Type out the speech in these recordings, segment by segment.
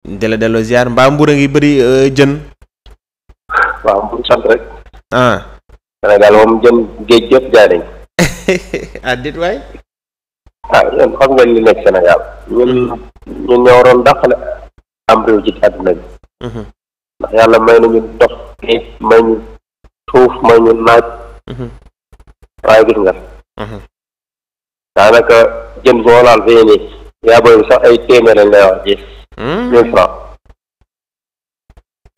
di la delloo ziar mbaa Mbour a ngi bëri euh, jën. waaw Mbour sant rek. ah. Sénégal moom jën géej yëpp jaay nañ. ah dit waay. Ah, hmm. bi. Hmm. ndax yàlla may nañu dox géej may ñu suuf may ñu naaj. Hmm. waaye gis nga. daanaka jën boo laal fii nii yaa booy sax ay téeméer lañ lay wax gis. mille hmm?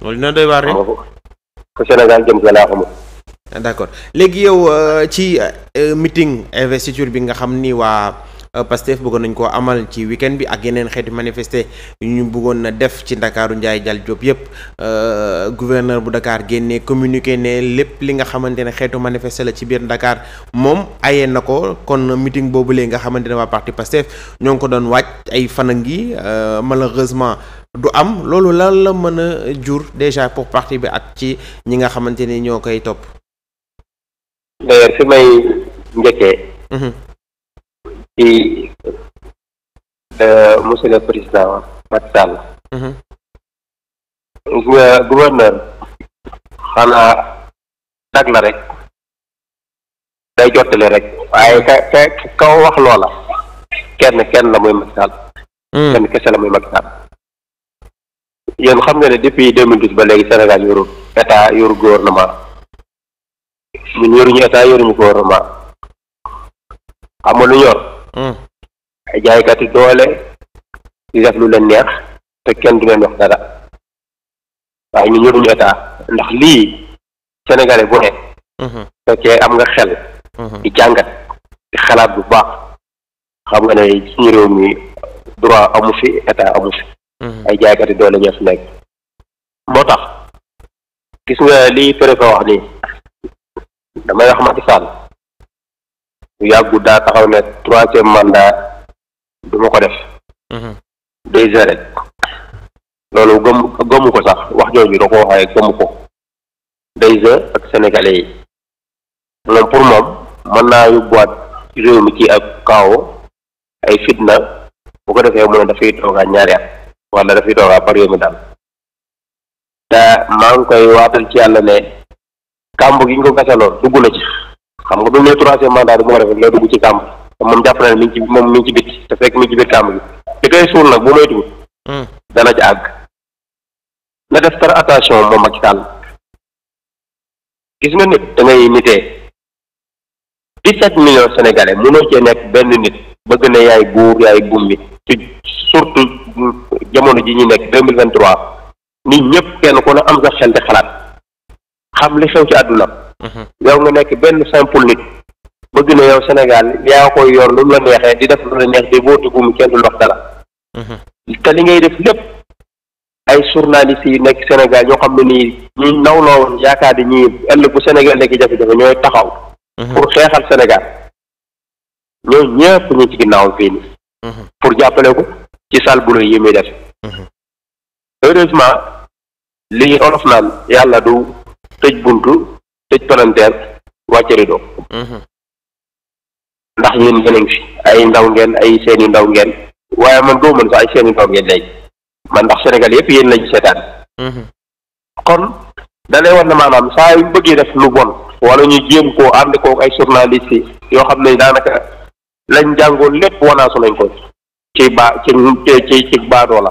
loolu dina doy waar rek. Sénégal jëm ca laa léegi yow euh, ci euh, meeting investiture bi nga xam ni waa. Euh, Pastef bëggoon nañ koo amal ci weekend bi ak yeneen xeeti manifester ñu bëggoon na def ci Ndakaaru Njaay Jal Jóob yëpp gouverneur bu Dakar génnee communiqué ne lépp li nga xamante ne xeetu manifester la ci biir ndakaar moom ayee na ko kon meeting boobu léegi nga xamante ne waa parti Pastef ñoo ngi ko doon waaj ay fana ngi euh, malheureusement du am loolu lan la mën a jur déjà pour parti bi ak ci ñi nga xamante ni ñoo koy topp. d'ailleurs ci monsieur président Macky Sall xanaa tag la rek day jottali rek waaye ka ka ka wax loola kenn kenn la muy Macky kenn kese la muy Macky Sall xam nga ne depuis deux mille douze ba léegi Sénégal yoru état yoru gouvernement ñun yoruñu état yoruñu gouvernement amul lu ñor Hmm. ay jaaykati doole di def lu leen neex te kenn du leen wax dara waaye ñu ñëruñu état ndax lii sénégalais bu ne hmm. fekkee am nga xel hmm. di jàngat di xalaat bu baax xam nga ne suñu réew mi droit amu fi état amu fi ay jaaykati doole ñoo fi nekk moo tax gis nga lii préfet wax nii damay wax Macky Sall bu yàggu daa taxaw ne troisième mandat du ma ko def mhm. loolu gëm gëmu ko sax wax jooju da ko waxee gëmu ko déjà ak sénégalais yi moom pour moom mën naa yóbbuwaat réew mi ci ak kaaw ay fitna bu ko defee mu ne dafay toogaa ñaari at wala dafay toogaa ba daal te maa ngi koy ci yàlla ne kàmb gi ñu ko gasaloon dugg na ci xam nga bu ñu nee troisième mandat moo rafet lay dugg ci kàmb moom jàpp na mi moom mi ngi ci biti te fekk mi ngi ci biir kàmb bi li koy suul nag bu moytuwul. Hmm. dana ci àgg. na def tar attention moom Macky Sall gis nga nit dangay ngay nitee dix-sept millions sénégalais mënoo cee nekk benn nit bëgg na yaay buur yaay buum bi surtout jamono ji ñu nekk deux mille vingt trois nit ñëpp kenn ku ne am sa xel di xalaat xam li xew ci àdduna yow nga nekk benn simple nit bëgg na yow Sénégal yaa koy yor lu la neexee di def lu la neex di boote guum kenn du dox dara te li ngay def lépp ay journaliste yi nekk Sénégal ñoo xam ne nii ñuy nawloo yaakaar di ñii ëllëg bu Sénégal nekk jafe-jafe ñooy taxaw pour xeexal Sénégal ñooy ñëpp ñu ci ginnaawam fii nii pour jàppale ko ci salbulo yi muy def heureusement li olof naan yàlla du tëj buntu tëj palanteer wàcce rido mhm. ndax yéen yéen a ngi fi ay ndaw ngeen ay seeni ndaw ngeen waaye man doo mën sax ay seeni ndaw ngeen léegi man ndax Sénégal yëpp yéen lañu seetaan mhm. kon dalay war na maanaam saa yu bëggee def lu bon wala ñu jéem koo ànd koo ay journaliste yoo xam ne daanaka lañ jàngoon lépp wanaasu nañ ko ci ba ci ci ci baadoo la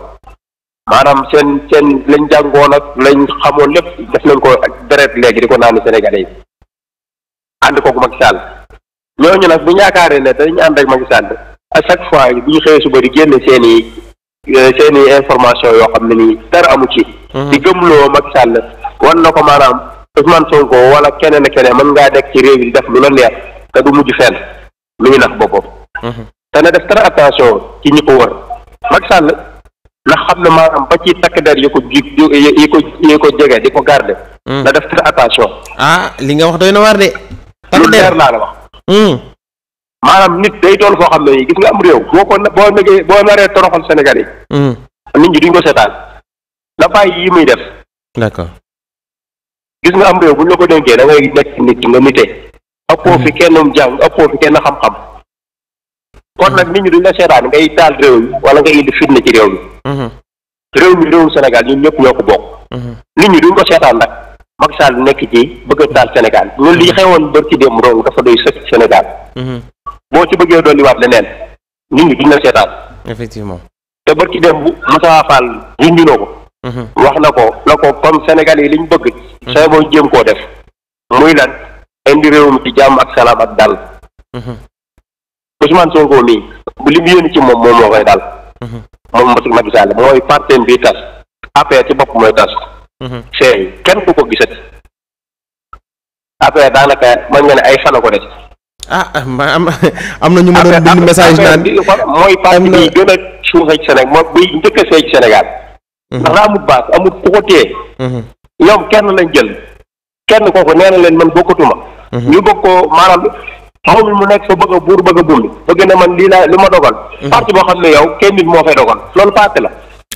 maanaam seen seen lañ jàngoon ak lañ xamoon lépp def nañ ko ak deret léegi di ko naanu Sénégalais yi ànd kooku Macky Sall ñooñu nag bu ñu yaakaaree ne dañu ànd ak mag Sall à chaque fois bu ñu xëyee suba di génn seen euh, seen i information yoo xam ne nii dara amu ci. Mhm. di gëmloo Macky Sall wan na ko maanaam Ousmane Sonko wala keneen ak keneen mën ngaa nekk ci réew yi def lu la leer te du mujj fenn mi ngi nax boppam. Mhm. te na def très attention ci ñi ko wër Macky Sall na xam ne maanaam ba ci takk der yi ko ji yi ko yi ko jege di ko garde hmm. na def très attention. ah li nga wax doy na war de. takk der leer naa la wax. Hmm. maanaam nit day toll foo xam ne gis nga am réew boo ko boo nekkee boo naree toroxal Sénégal yi. Hmm. nit ñi duñ ko seetaan na bàyyi yi muy def. d'accord gis nga am réew buñ la ko dénkee da ngay nekk nit nga nite. ëppoo fi kenn jàng ëppoo fi kenn xam-xam. kon nag nit ñi duñ la seetaan ngay taal réew mi wala ngay indi fitna ci réew mi. Mhm. réew mi réewum Sénégal ñun ñëpp ñoo ko bokk. Mhm. nit ñi duñ ko seetaan nag Macky Sall nekk ci bëgg a taal Sénégal ñun mhm. li xewoon bër ci démb dafa doy sëkk Sénégal. boo ci bëggee dolliwaat leneen nit ñi duñ la seetaan. effectivement te bër ci démb Moussa Fall junj na ko. wax na ko na ko comme Sénégal yi liñ bëgg. sooy boo jéem koo def muy lan indi réew mi ci jàmm ak salaam ak dal. Ousmane Sonko mii li mu yéene ci moom moom moo koy dal. Mhm. moom Mbassouk Macky mooy parteem bi tas APR ci bopp mooy tas. seey mhm. kenn ku ko gisati APR daanaka mën nga ne ay fan a ko des. Ah, ah ma am am na ñu a bind message bi gën a suuxee ci Sénégal mooy bi mhm. baax amul ku ko téye. ñoom kenn lañ jël kenn kooku nee na leen man bokkatuma. ñu bokk maanaam xamul mu nekk fa bëgg a buur bëgg a bulli bëgg ne man lii laa li ma dogal. Mhm. parti boo xam ne yow kenn nit moo fay dogal loolu parti la.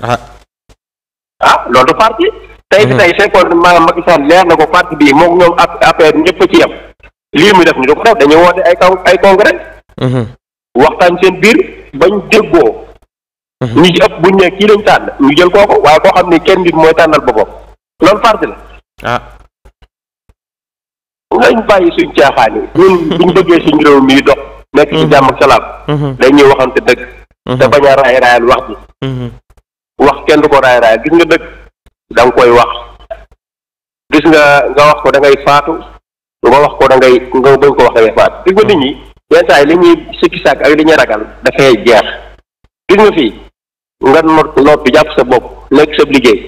ah, ah loolu du parti. tey bi mhm. tey fekkoon maanaam Macky Sall leer ko parti bii moom ñoom affaire ñëpp a lii muy def ni du ko def ay kaw ay congrès. Mhm. waxtaan seen biir bañ déggoo. ñu buñ ne kii lañ tànn ñu jël kooku waaye koo xam ne kenn nit mooy tànnal boppam loolu parti la. Ah. nañ bàyyi suñ caaxaan yi ñun buñ bëggee suñ réew mi dox nekk ci jàmm ak salaam mhm. Mhm. dañuy waxante dëgg mhm. te bañ a raay raayal wax ji wax kenn du ko raay raayal gis nga dëgg da koy wax gis nga nga wax ko da ngay faatu nga wax ko da nga bañ ko wax da ngay faatu gis nit ñi yenn saa yi li ñuy sikki sàkk ak li ñuy ragal dafay jeex gis nga fii nga not noppi jàpp sa bopp nekk sa liggéey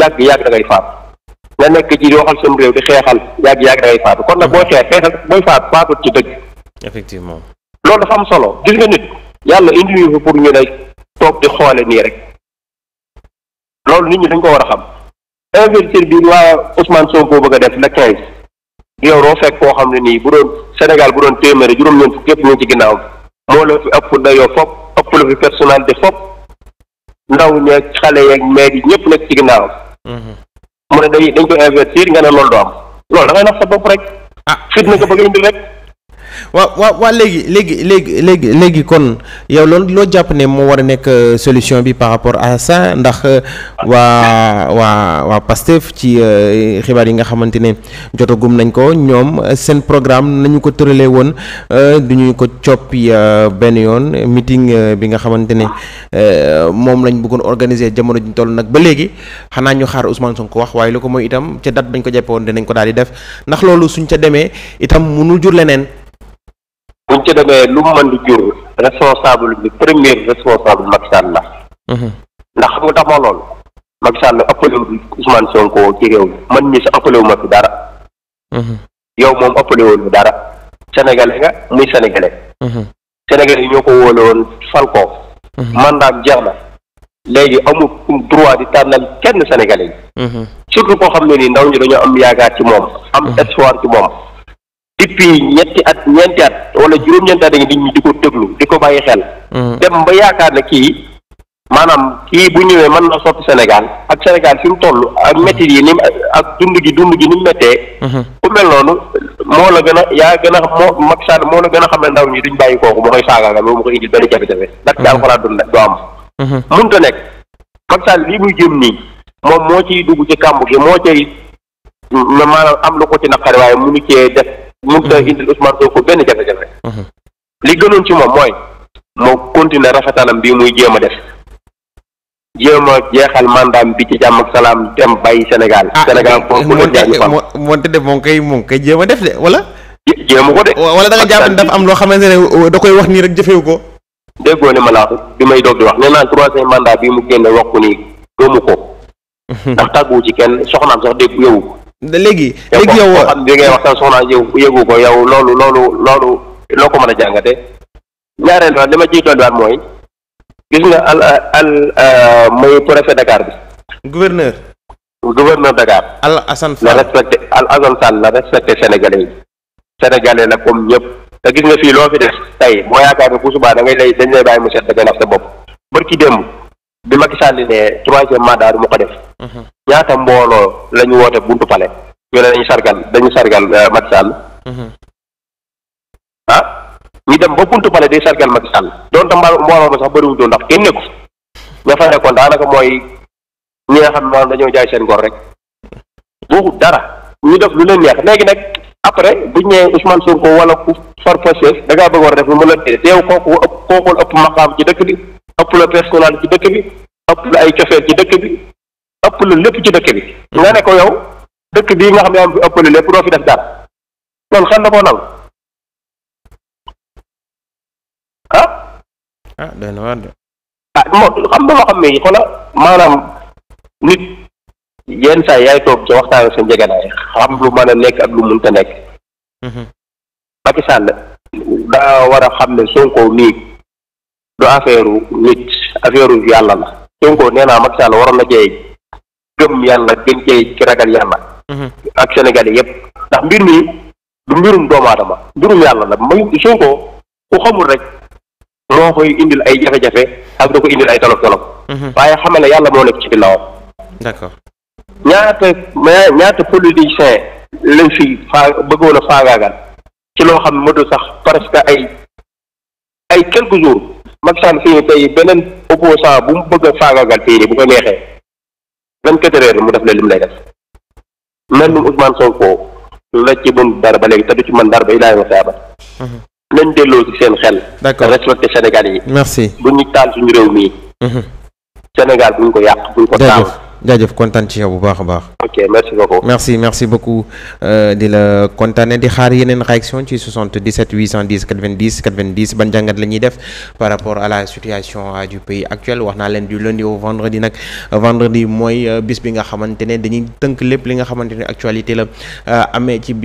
yàgg yàgg da ngay nga nekk ci di waxal sam réew di xeexal yàgg yàgg dangay faatu kon nag booy mhm. xeex xeexal booy faatu faatut ci dëgg. effectivement loolu dafa am solo gis nga nit yàlla indi ñu pour ñu lay toog di xoole nii rek loolu nit ñi dañ ko war a xam investir bi waa Ousmane Sonko bëgg a def le quinze yow doo fekk koo xam ne nii bu doon Sénégal bu doon téeméeri juróom-ñeent fukk yëpp ci ginnaaw moo la fi ëpp dayoo fop ëpp la fi personnalité fop ndaw ñeeg xale yeeg yi ñëpp nekk ci ginnaaw mhm. mu ne dañ dañ ko investir nga ne loolu du am loolu da ngay nax sa bopp rek. ah fitna nga bëgg indi rek. waa waa waaw léegi léegi léegi léegi léegi kon yow loolu loo jàpp ne moo war a nekk euh, solution bi par rapport à ça ndax euh, waa waa waa Pastef ci euh, xibaar yi nga xamante ne jotagum nañ ko ñoom seen programme nañu ko tëralee woon du ñu ko coppi benn yoon meeting bi nga xamante ne moom lañ bëggoon organiser jamono ji toll nag ba léegi xanaa ñu xaar suñ ko wax waaye lu ko mooy itam ca dat bañ ko jàppe woon dinañ ko daal di def ndax loolu suñ ca demee itam mënul jur leneen buñ ci demee lu mën di jur responsable bi premier responsable Macky la mhm. ndax xam nga tax ma loolu Macky Sall ëppalewul Ousmane Sonko ci réew man ñi sa ëppalewu ma fi dara mhm. yow moom ëppalewul fi dara sénégalais nga muy sénégalais mhm. sénégalais yi ñoo ko wóole woon fal man mandat jeex na léegi amul droit di tànnal kenn sénégalais yi surtout koo xam ne nii ndaw ñi dañoo am yaakaar ci moom am espoir ci moom depuis ñetti at ñeenti at wala juróom-ñeenti at da nit ñi di ko déglu di ko bàyyi xel. Hmm. dem ba yaakaar ne kii maanaam kii bu ñëwee man na soppi Sénégal ak Sénégal fi mu toll ak métti yi ni ak dund gi dund gi ni mu méttee. Hmm. ku mel moo la gën a yaa gën a moo Macky Sall moo la gën a xam ne ndaw ñi duñ bàyyi kooku ma koy saagaagal loolu ma koy indil benn jafe-jafe. ndax ci hmm. alxuraan du du am. mënut a nekk Macky Sall lii muy jëm nii moom moo ciy dugg ci kàmb gi moo cay maanaam am lu ko ci naqari waaye mënu cee def. mënut a indil Ousmane Sonko benn jafe-jafe. Mhm. li gënoon ci moom mooy moo continuer rafetalam bi muy jéem a def jéem a jeexal mandaam bi ci jàmm ak salaam dem bàyyi Sénégal. Ah, Sénégal moom bu moonte def moom kay moom kay def wala. jéem ko de. wala da nga jàpp am loo xamante ne da koy wax nii rek jëfewu ko. déggoo ne ma laa bi may doog di wax nee naa troisième bi mu génne wax ko nii gëmu ko. Mhm. ndax tàgguwu ci kenn soxnaam sax dégg yowu léegi. léegi yow xam bi ngay wax sa soxna yow yëgu ko yow loolu loolu loolu loo ko mën a jàngate ñaareel ba li ma ciy dolliwaat mooy gis nga al al euh, muy préfet Dakar bi. gouverneur. gouverneur Dakar. Al Assane Sall la respecté Al Assane la respecté sénégalais yi sénégalais la comme ñëpp te gis nga fii loo fi def tey boo yaakaar ne bu subaa da ngay lay dañ lay bàyyi mu set da ngay nax sa bopp ki démb. bi Macky Sall ne troisième mandat du ma ko def. Mhm. ñaata mbooloo lañu ñu woote buntu pale ñu ne dañu sargal dañu sargal euh, Macky Sall. Mhm. ah ñu dem ba buntu pale day sargal Macky Sall doon tam mbooloo ma sax bëriwul doon ndax kenn ko ña fa nekkoon daanaka mooy ñi nga xam ne dañoo jaay seen ngor rek boobu dara ñu def lu leen neex léegi nag après bu ñu nee Ousmane Sonko wala ku far Pastef da ngaa bëggoon def lu mën a teew ëpp kooku ëpp ci dëkk bi. ëpp la personnalité ci dëkk bi ëpp la ay cofeer dëkk bi ëpp la lépp ci dëkk bi mm-hmm. nga ne ko yow dëkk bii nga xam ne am bi ëppale lépp doo fi def dara loolu xel na koo nal ah ah, ah xam na loo ne maanaam nit yenn saa yaay toog ca waxtaan sa njegenaay xam lu mën a nekk ak lu mënta nekk mm-hmm. Macky Sall daa war a xam ne Sonko nii du affaire nit affaire yàlla la Sonko nee naa Macky Sall waroon na cee gëm yàlla gën cee ci ragal yàlla. Mhm. ak Sénégal yépp ndax mbir mi du mbirum doomu aadama mbirum yàlla la may Sonko ku xamul rek moo koy indil ay jafe-jafe ak da ko indil ay tolof tolof. Mhm. waaye xamal ne yàlla moo nekk ci ginnaawam. d'accord ñaata ñaata politicien lañ faa bëggoon a faagaagal ci loo xam ne sax presque ay ay quelques jours. Macky Sall fi ñu tey beneen opposant bu mu bëgg a faagaagal fii bu ko neexee vingt quatre heures mu la lim lay def mel ni Ousmane Sonko la ci mun dara ba léegi te du ci man dara ba a Saba mhm. nañ delloo ci seen xel. d'accord respecté Sénégal yi. merci bu ñu taal suñu réew mii. Mhm. Sénégal bu ñu ko yàq bu ñu ko taal. jaajëf kontaan ci yow bu baax a baax. ok merci beaucoup. merci merci euh, di la kontaane di xaar yeneen réaction ci 77 810 90 90 ban jàngat la ñuy def par rapport à la situation du pays actuel wax naa leen du lundi au vendredi nag vendredi mooy euh, bis bi nga xamante ne dañuy tënk lépp li nga xamante ne actualité la euh, amee ci